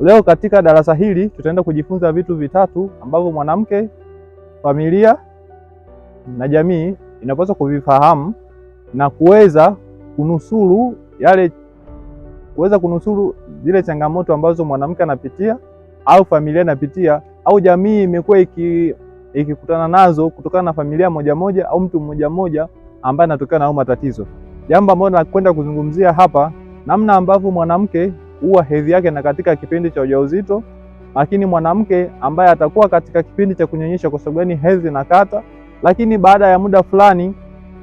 Leo katika darasa hili tutaenda kujifunza vitu vitatu ambavyo mwanamke, familia na jamii inapaswa kuvifahamu na kuweza kunusuru yale kuweza kunusuru zile changamoto ambazo mwanamke anapitia au familia inapitia au jamii imekuwa iki ikikutana nazo kutokana na familia moja moja au mtu mmoja mmoja ambaye anatokana na matatizo. Jambo ambalo nakwenda kuzungumzia hapa, namna ambavyo mwanamke huwa hedhi yake na katika kipindi cha ujauzito, lakini mwanamke ambaye atakuwa katika kipindi cha kunyonyesha, kwa sababu gani hedhi inakata, lakini baada ya muda fulani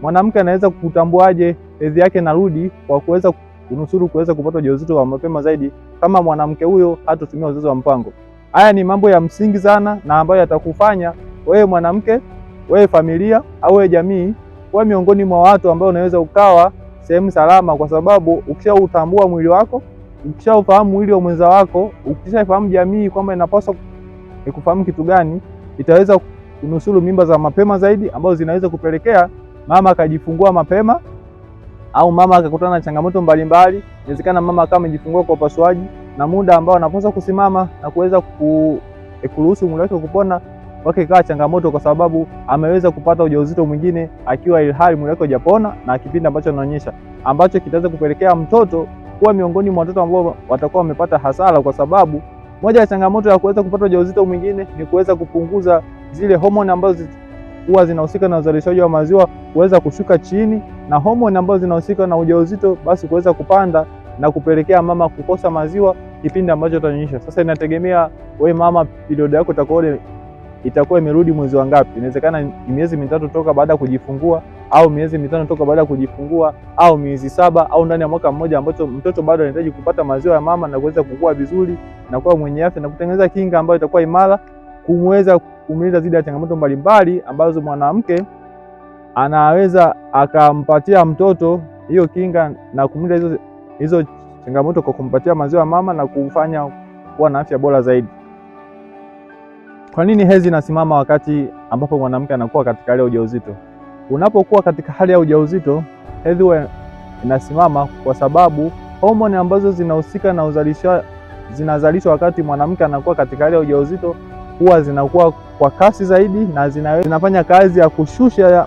mwanamke anaweza kutambuaje hedhi yake narudi, kwa kuweza kunusuru kuweza kupata ujauzito wa mapema zaidi, kama mwanamke huyo hatotumia uzazi wa mpango. Haya ni mambo ya msingi sana na ambayo yatakufanya wewe mwanamke, wewe familia au wewe jamii kuwa miongoni mwa watu ambao unaweza ukawa sehemu salama, kwa sababu ukishautambua mwili wako Ukishaufahamu mwili wa mwenza wako, ukishafahamu jamii kwamba inapaswa kufahamu kitu gani, itaweza kunusuru mimba za mapema zaidi, ambazo zinaweza kupelekea mama akajifungua mapema au mama akakutana na changamoto mbalimbali. Inawezekana mama akawa amejifungua kwa upasuaji, na muda ambao anapaswa kusimama na kuweza eh, kuruhusu mwili wake kupona wake ikawa changamoto, kwa sababu ameweza kupata ujauzito mwingine akiwa ilhali mwili wake hujapona, na kipindi ambacho anaonyesha ambacho kitaweza kupelekea mtoto kuwa miongoni mwa watoto ambao watakuwa wamepata hasara, kwa sababu moja ya changamoto ya kuweza kupata ujauzito mwingine ni kuweza kupunguza zile homoni ambazo huwa zinahusika na uzalishaji wa maziwa kuweza kushuka chini, na homoni ambazo zinahusika na ujauzito basi kuweza kupanda na kupelekea mama kukosa maziwa kipindi ambacho utanyonyesha. Sasa inategemea wewe mama, period yako itakuwa imerudi mwezi wa ngapi. Inawezekana miezi mitatu toka baada ya kujifungua au miezi mitano toka baada ya kujifungua au miezi saba au ndani ya mwaka mmoja, ambacho mtoto bado anahitaji kupata maziwa ya mama na kuweza kukua vizuri na kuwa mwenye afya na kutengeneza kinga ambayo itakuwa imara kumweza kumlinda dhidi ya changamoto mbalimbali ambazo mwanamke anaweza akampatia mtoto hiyo kinga na kumlinda hizo, hizo changamoto kwa kumpatia maziwa ya mama na kumfanya kuwa na afya bora zaidi. Kwa nini hedhi inasimama wakati ambapo mwanamke anakuwa katika ile ujauzito? Unapokuwa katika hali ya ujauzito, hedhi inasimama kwa sababu homoni ambazo zinahusika na uzalisha zinazalishwa wakati mwanamke anakuwa katika hali ya ujauzito huwa zinakuwa kwa kasi zaidi na zina, zinafanya kazi ya kushusha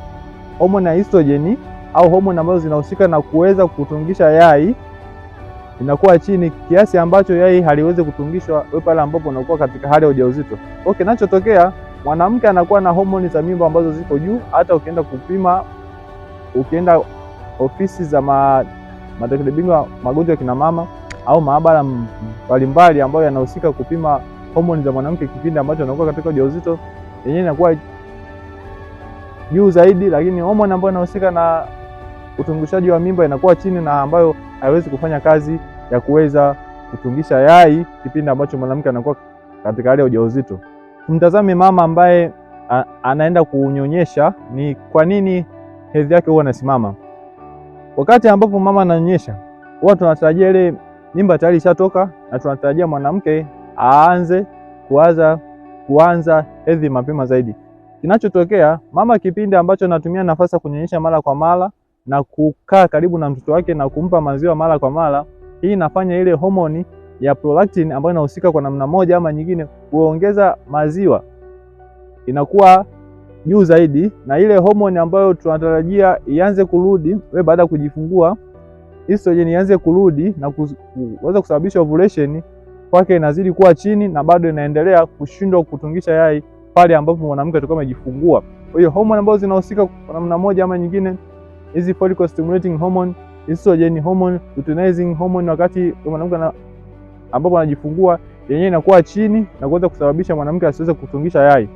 homoni ya estrojeni au homoni ambazo zinahusika na kuweza kutungisha yai inakuwa chini kiasi ambacho yai haliwezi kutungishwa pale ambapo unakuwa katika hali ya ujauzito. Kinachotokea mwanamke anakuwa na homoni za mimba ambazo ziko juu. Hata ukienda kupima, ukienda ofisi za ma, madaktari bingwa magonjwa ya kina mama au maabara mbalimbali ambayo yanahusika kupima homoni za mwanamke kipindi ambacho anakuwa katika ujauzito, yenyewe inakuwa juu zaidi, lakini homoni ambayo inahusika na utungushaji wa mimba inakuwa chini na ambayo haiwezi kufanya kazi ya kuweza kutungisha yai kipindi ambacho mwanamke anakuwa katika hali ya ujauzito mtazame mama ambaye anaenda kunyonyesha, ni kwa nini hedhi yake huwa anasimama. Wakati ambapo mama ananyonyesha, huwa tunatarajia ile mimba tayari ishatoka na tunatarajia mwanamke aanze kuanza kuanza hedhi mapema zaidi. Kinachotokea, mama kipindi ambacho anatumia nafasi ya kunyonyesha mara kwa mara na kukaa karibu na mtoto wake na kumpa maziwa mara kwa mara, hii inafanya ile homoni ya prolactin ambayo inahusika kwa namna moja ama nyingine kuongeza maziwa inakuwa juu zaidi, na ile homoni ambayo tunatarajia ianze kurudi wewe baada ya kujifungua, estrogen ianze kurudi na kuweza kusababisha ovulation kwake inazidi kuwa chini, na bado inaendelea kushindwa kutungisha yai pale ambapo mwanamke atakuwa amejifungua. Kwa hiyo homoni ambazo zinahusika kwa namna moja ama nyingine, hizi follicle stimulating hormone, estrogen hormone, luteinizing hormone, wakati mwanamke ambapo anajifungua yenyewe inakuwa chini na kuweza kusababisha mwanamke asiweze kutungisha yai.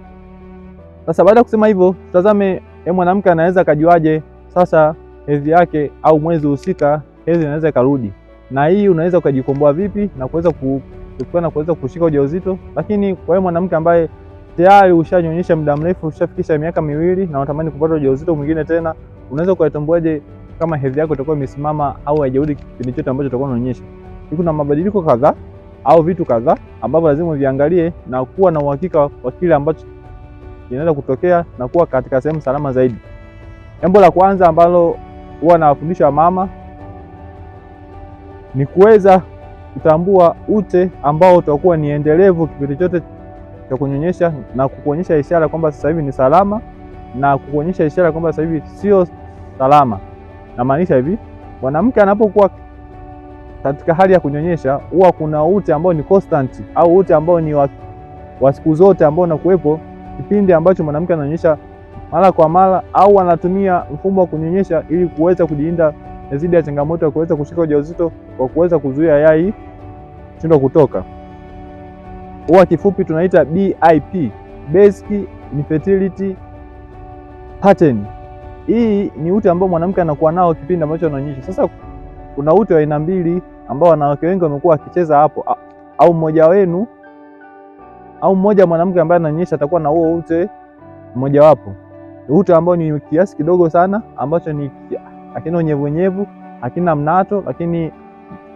Sasa baada ya kusema hivyo, tutazame eh, mwanamke anaweza akajuaje sasa hedhi yake au mwezi husika hedhi inaweza ikarudi, na hii unaweza ukajikomboa vipi na kuweza na kuweza kushika ujauzito. Lakini kwa yule mwanamke ambaye tayari ushanyonyesha muda mrefu, ushafikisha miaka miwili na unatamani kupata ujauzito mwingine tena, unaweza ukatambuaje kama hedhi yako itakuwa imesimama au haijarudi kipindi chote ambacho utakuwa unaonyesha? kuna mabadiliko kadhaa au vitu kadhaa ambavyo lazima uviangalie na kuwa na uhakika wa kile ambacho kinaweza kutokea na kuwa katika sehemu salama zaidi. Jambo la kwanza ambalo huwa nawafundisha mama ni kuweza kutambua ute ambao utakuwa ni endelevu kipindi chote cha kunyonyesha na kukuonyesha ishara kwamba sasa hivi ni salama na kukuonyesha ishara kwamba sasa hivi sio salama. Namaanisha hivi, mwanamke anapokuwa katika hali ya kunyonyesha huwa kuna ute ambao ni constant au ute ambao ni wa, wa siku zote ambao unakuwepo kipindi ambacho mwanamke ananyonyesha mara kwa mara au anatumia mfumo wa kunyonyesha ili kuweza kujilinda dhidi ya changamoto ya kuweza kushika ujauzito kwa kuweza kuzuia yai kushindwa kutoka. Huwa kifupi tunaita BIP, basic infertility pattern. Hii ni ute ambao mwanamke anakuwa nao kipindi ambacho ananyonyesha. Sasa kuna ute wa aina mbili ambao wanawake wengi wamekuwa wakicheza hapo, au mmoja wenu au mmoja mwanamke ambaye ananyonyesha atakuwa na huo ute mmoja wapo ute ambao ni kiasi kidogo sana ambacho ni hakina unyevu, hakina mnato, lakini yetu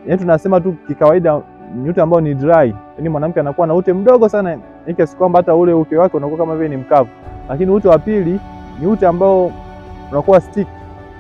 yaani tunasema tu kikawaida ni ute ambao ni dry, yaani mwanamke anakuwa na ute mdogo sana kiasi kwamba hata ule uke wake unakuwa kama vile ni mkavu. Lakini ute wa pili ni ute ambao unakuwa stick,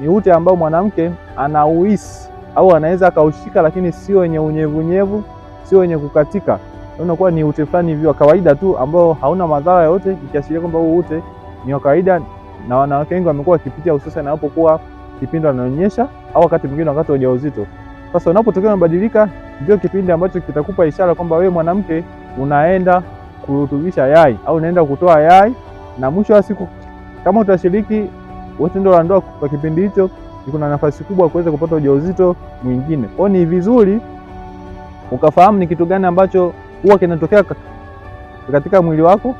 ni ute ambao mwanamke anauhisi au anaweza akaushika lakini sio wenye unyevunyevu, sio wenye kukatika, unakuwa ni ute fulani hivi wa kawaida tu ambao hauna madhara yote, ikiashiria kwamba huu ute ni wa kawaida, na wanawake wengi wamekuwa wakipitia hususan anapokuwa kipindi ananyonyesha au wakati mwingine wakati wa ujauzito. Sasa unapotokea mabadilika, ndio kipindi ambacho kitakupa ishara kwamba wewe mwanamke unaenda kurutubisha yai au unaenda kutoa yai, na mwisho wa siku kama utashiriki tendo la ndoa kwa kipindi hicho iko na nafasi kubwa kuweza kupata ujauzito mwingine. Kwa ni vizuri ukafahamu ni kitu gani ambacho huwa kinatokea katika mwili wako,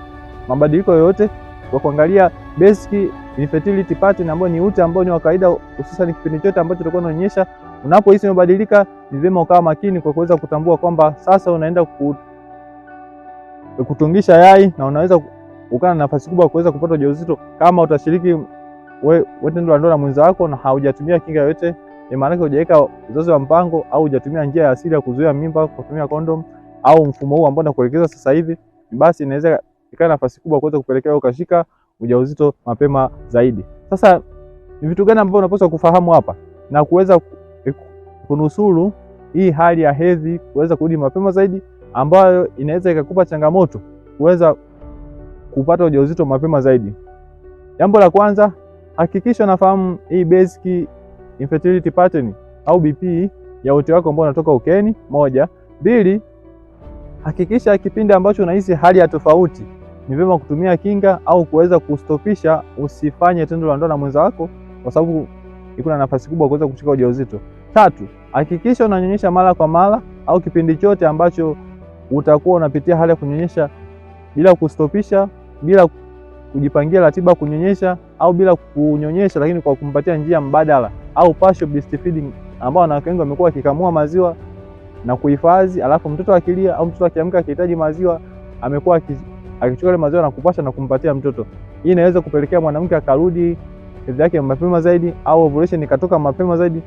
mabadiliko yoyote, kwa kuangalia basic infertility pattern ambayo ni ute ambao ni wa kawaida, hususan kipindi chote ambacho tulikuwa tunaonyesha. Unapohisi umebadilika, ni vyema ukawa makini kwa kuweza kutambua kwamba sasa unaenda kutungisha yai na unaweza ukana nafasi kubwa kuweza kupata ujauzito kama utashiriki wewe tendo la ndoa na mwenza wako na haujatumia kinga yoyote, maana yake hujaweka uzazi wa mpango au hujatumia njia ya asili ya kuzuia mimba kwa kutumia kondom au mfumo huu ambao nakuelekeza sasa hivi, basi inaweza ikaa nafasi kubwa kuweza kupelekea ukashika ujauzito mapema zaidi. Sasa ni vitu gani ambavyo unapaswa kufahamu hapa na kuweza eh, kunusuru hii hali ya hedhi kuweza kurudi mapema zaidi, ambayo inaweza ikakupa changamoto kuweza kupata ujauzito mapema zaidi. Jambo la kwanza hakikisha unafahamu hii basic infertility pattern au BP ya uti wako ambao unatoka ukeni. Moja, mbili, hakikisha kipindi ambacho unahisi hali ya tofauti ni vyema kutumia kinga au kuweza kustopisha, usifanye tendo la ndoa na mwenza wako, kwa sababu iko na nafasi kubwa kuweza kushika ujauzito. Tatu, hakikisha unanyonyesha mara kwa mara au kipindi chote ambacho utakuwa unapitia hali ya kunyonyesha bila kustopisha, bila kujipangia ratiba kunyonyesha au bila kunyonyesha, lakini kwa kumpatia njia mbadala au partial breast feeding, ambao wanawake wengi wamekuwa wakikamua maziwa na kuhifadhi, alafu mtoto akilia au mtoto akiamka akihitaji maziwa, amekuwa akichukua ile maziwa na kupasha na kumpatia mtoto. Hii inaweza kupelekea mwanamke akarudi hedhi yake mapema zaidi au ovulation ikatoka mapema zaidi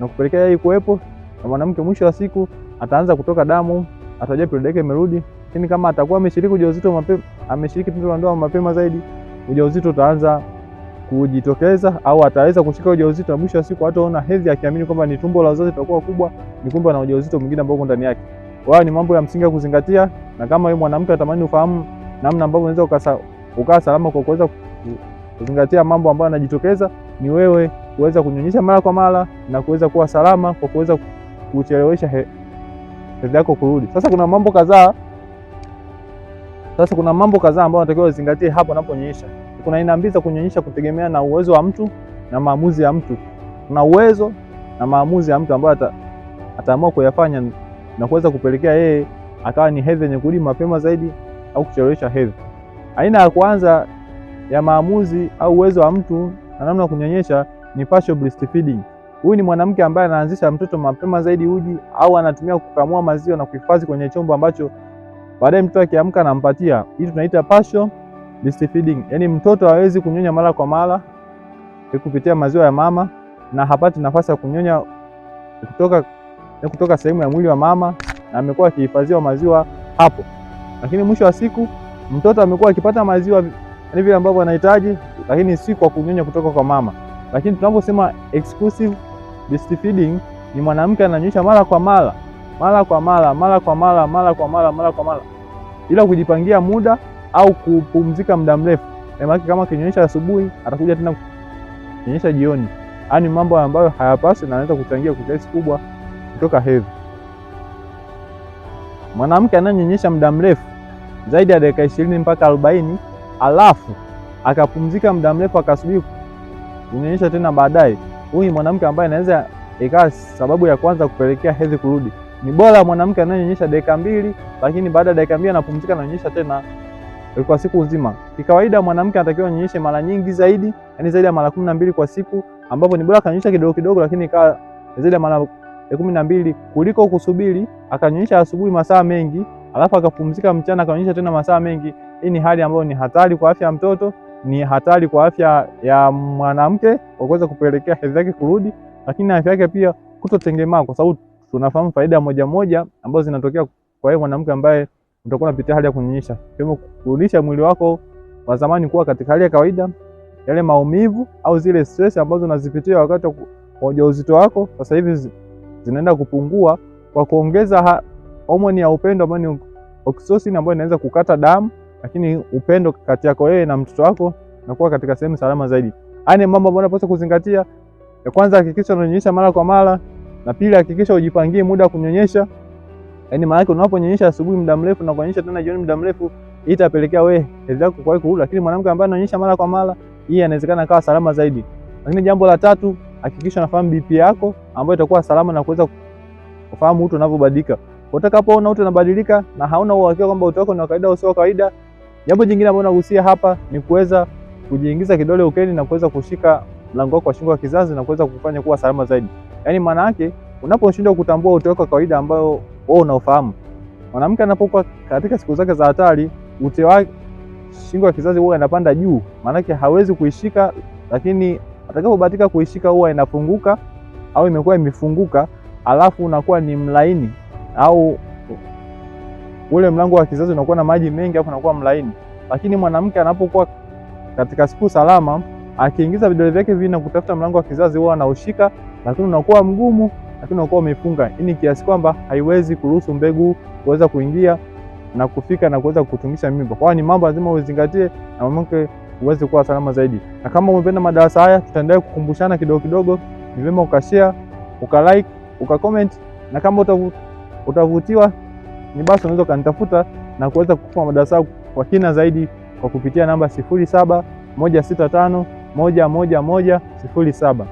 na kupelekea yai kuwepo, na mwanamke mwisho wa siku ataanza kutoka damu, atajua period yake imerudi. Lakini kama atakuwa ameshiriki ujauzito mapema, ameshiriki tendo la ndoa mapema zaidi, ujauzito utaanza kujitokeza au ataweza kushika ujauzito na mwisho wa siku hataona hedhi, akiamini kwamba ni tumbo la uzazi litakuwa kubwa, ni kumbe na ujauzito mwingine ambao uko ndani yake. Kwa hiyo ni mambo ya msingi ya kuzingatia, na kama wewe mwanamke atamani ufahamu namna ambavyo unaweza ukasa, ukaa salama kwa kuweza kuzingatia mambo ambayo yanajitokeza, ni wewe kuweza kunyonyesha mara kwa mara na kuweza kuwa salama kwa kuweza kuchelewesha hedhi yako kurudi. Sasa kuna mambo kadhaa sasa kuna mambo kadhaa ambayo unatakiwa uzingatie hapo unaponyonyesha kuna aina mbili za kunyonyesha kutegemea na uwezo wa mtu na maamuzi ya mtu. Kuna uwezo na maamuzi ya mtu ambayo ata, ataamua kuyafanya na kuweza kupelekea yeye akawa ni hedhi yenye kurudi mapema zaidi au kuchelewesha hedhi. Aina ya kwanza ya maamuzi au uwezo wa mtu na namna kunyonyesha ni partial breastfeeding. Huyu ni mwanamke ambaye anaanzisha mtoto mapema zaidi uji au anatumia kukamua maziwa na kuhifadhi kwenye chombo ambacho baadaye mtoto akiamka anampatia. Hii tunaita partial breast feeding, yani mtoto hawezi kunyonya mara kwa mara kupitia maziwa ya mama na hapati nafasi ya kunyonya kutoka, kutoka sehemu ya mwili wa mama na amekuwa akihifadhiwa maziwa hapo, lakini mwisho wa siku mtoto amekuwa akipata maziwa ni vile ambavyo anahitaji, lakini si kwa kunyonya kutoka kwa mama. Lakini tunaposema exclusive breastfeeding ni mwanamke ananyonyesha mara kwa mara mara kwa mara mara kwa mara mara kwa mara mara kwa mara ila kujipangia muda au kupumzika muda mrefu. Maana kama akinyonyesha asubuhi atakuja tena kunyonyesha jioni. Yaani mambo ambayo hayapasi na anaweza kuchangia kwa kiasi kubwa kutoka hedhi. Mwanamke anayenyonyesha muda mrefu zaidi ya dakika ishirini mpaka arobaini alafu akapumzika muda mrefu akasubiri kunyonyesha tena baadaye, huyu mwanamke ambaye anaweza ikawa sababu ya kwanza kupelekea hedhi kurudi. Ni bora mwanamke anayenyonyesha dakika mbili, lakini baada ya dakika mbili anapumzika, ananyonyesha tena kwa siku nzima. Kikawaida mwanamke anatakiwa anyonyeshe mara nyingi zaidi, yani zaidi ya mara kumi na mbili kwa siku, ambapo ni bora akanyonyesha kidogo kidogo, lakini ikawa zaidi ya mara kumi na mbili kuliko kusubiri akanyonyesha asubuhi masaa mengi alafu akapumzika mchana akanyonyesha tena masaa mengi. Hii ni hali ambayo ni hatari kwa afya ya mtoto, ni hatari kwa afya ya mwanamke kwa kuweza kupelekea hedhi yake kurudi, lakini afya yake pia kutotengemaa, kwa sababu tunafahamu faida moja moja ambazo zinatokea kwa yeye mwanamke ambaye utakuwa unapitia hali ya kunyonyesha, kama kurudisha mwili wako wa zamani kuwa katika hali ya kawaida. Yale maumivu au zile stress ambazo unazipitia wakati wa ujauzito wako sasa hivi zinaenda kupungua kwa kuongeza homoni ya upendo ambayo ni oxytocin, ambayo inaweza kukata damu, lakini upendo kati yako wewe na mtoto wako nakuwa katika sehemu salama zaidi. Ane mambo ambayo unapaswa kuzingatia: ya kwanza, hakikisha unanyonyesha mara kwa mara, na pili, hakikisha ujipangie muda wa kunyonyesha. Yaani maana yake unaponyonyesha asubuhi muda mrefu na kunyonyesha tena jioni muda mrefu, itapelekea wewe hedhi yako kuwahi kurudi, lakini mwanamke ambaye ananyonyesha mara kwa mara, yeye anawezekana akawa salama zaidi. Lakini jambo la tatu, hakikisha unafahamu BP yako ambayo itakuwa salama na kuweza kufahamu utu unavyobadilika. Utakapoona utu unabadilika na hauna uhakika kwamba utu wako ni wa kawaida au sio kawaida. Jambo jingine ambalo nagusia hapa ni kuweza kujiingiza kidole ukeni na kuweza kushika mlango wako wa shingo ya kizazi na kuweza kufanya kuwa salama zaidi. Yaani maana yake unaposhindwa kutambua utu wako kawaida ambao wewe unaofahamu. Mwanamke anapokuwa katika siku zake za hatari, ute wa shingo ya kizazi huwa inapanda juu, maanake hawezi kuishika, lakini atakapobahatika kuishika huwa inafunguka au imekuwa imefunguka, alafu unakuwa ni mlaini au ule mlango wa kizazi unakuwa na maji mengi, alafu unakuwa mlaini. Lakini mwanamke anapokuwa katika siku salama, akiingiza vidole vyake vina kutafuta mlango wa kizazi huwa anaushika, lakini unakuwa mgumu lakini unakuwa umeifunga ini yaani kiasi kwamba haiwezi kuruhusu mbegu kuweza kuingia na kufika na kuweza kutungisha mimba. Kwa hiyo ni mambo lazima uzingatie na mwanamke uweze kuwa salama zaidi. Na kama umependa madarasa haya, tutaendelea kukumbushana kidogo kidogo. Ni vyema ukashare, ukalike, ukacomment na kama utavutiwa ni basi unaweza ukanitafuta na kuweza kukupa madarasa kwa kina zaidi kwa kupitia namba 0716511107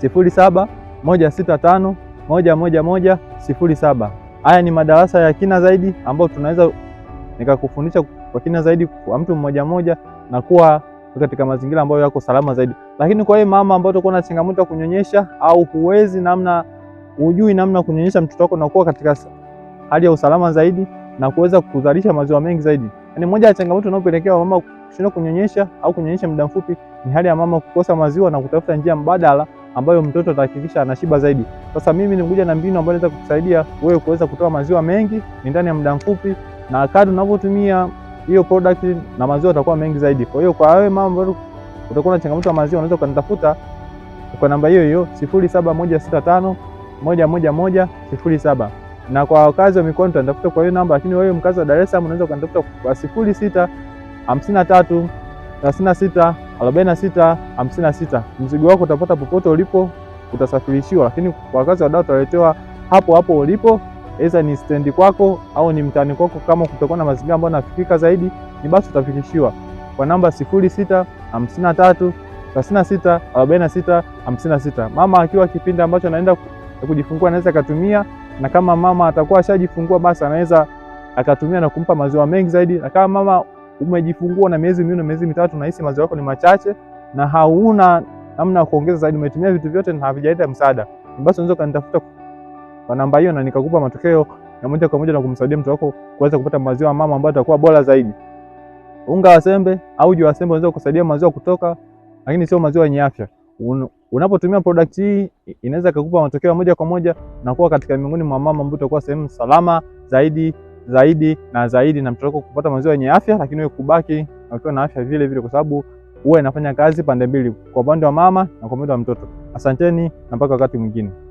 07 165 111 07. Haya ni madarasa ya kina zaidi ambayo tunaweza nikakufundisha kwa kina zaidi kwa mtu mmoja mmoja na kuwa katika mazingira ambayo yako salama zaidi. Lakini kwa hiyo mama ambaye utakuwa na changamoto ya kunyonyesha au huwezi namna hujui namna kunyonyesha mtoto wako na kuwa katika hali ya usalama zaidi na kuweza kuzalisha maziwa mengi zaidi. Yaani moja ya changamoto inayopelekea mama kushindwa kunyonyesha au kunyonyesha muda mfupi ni hali ya mama kukosa maziwa na kutafuta njia mbadala ambayo mtoto atahakikisha anashiba zaidi. Sasa mimi nimekuja na mbinu ambayo inaweza kukusaidia wewe kuweza kutoa maziwa mengi ni ndani ya muda mfupi, na kadri unavyotumia hiyo product na maziwa yatakuwa mengi zaidi. Kwa hiyo kwa wewe mama ambaye utakuwa na changamoto ya maziwa, unaweza kunitafuta kwa namba hiyo hiyo 07165 111 na kwa wakazi wa mikoani tunatafuta kwa hiyo namba, lakini wewe mkazi wa Dar es Salaam unaweza kunitafuta kwa sifuri sita hamsini 46 Mzigo wako utapata popote ulipo, utasafirishiwa, lakini kwa kazi wadau utaletewa hapo hapo ulipo, aidha ni stendi kwako au ni mtaani kwako. Kama kutakuwa na mazingira ambayo nafikika zaidi, ni basi utafikishiwa kwa namba 0653364656. Mama akiwa kipindi ambacho anaenda kujifungua anaweza akatumia, na kama mama atakuwa ashajifungua basi anaweza akatumia na kumpa maziwa mengi zaidi, na kama mama umejifungua na miezi miwili na miezi mitatu, nahisi maziwa yako ni machache na hauna namna ya kuongeza zaidi, umetumia vitu vyote na havijaleta msaada, basi unaweza kanitafuta kwa namba hiyo na nikakupa matokeo ya moja kwa moja na kumsaidia mtoto wako kuweza kupata maziwa mama ambayo atakuwa bora zaidi. Unga wa sembe au jua wa sembe unaweza kusaidia maziwa kutoka, lakini sio maziwa yenye afya. Un, unapotumia product hii inaweza kukupa matokeo moja kwa moja na kuwa katika miongoni mwa mama ambao utakuwa sehemu salama zaidi zaidi na zaidi, na mtoto wako kupata maziwa yenye afya, lakini wewe kubaki ukiwa na afya vile vile, kwa sababu huwa inafanya kazi pande mbili, kwa upande wa mama na kwa upande wa mtoto. Asanteni na mpaka wakati mwingine.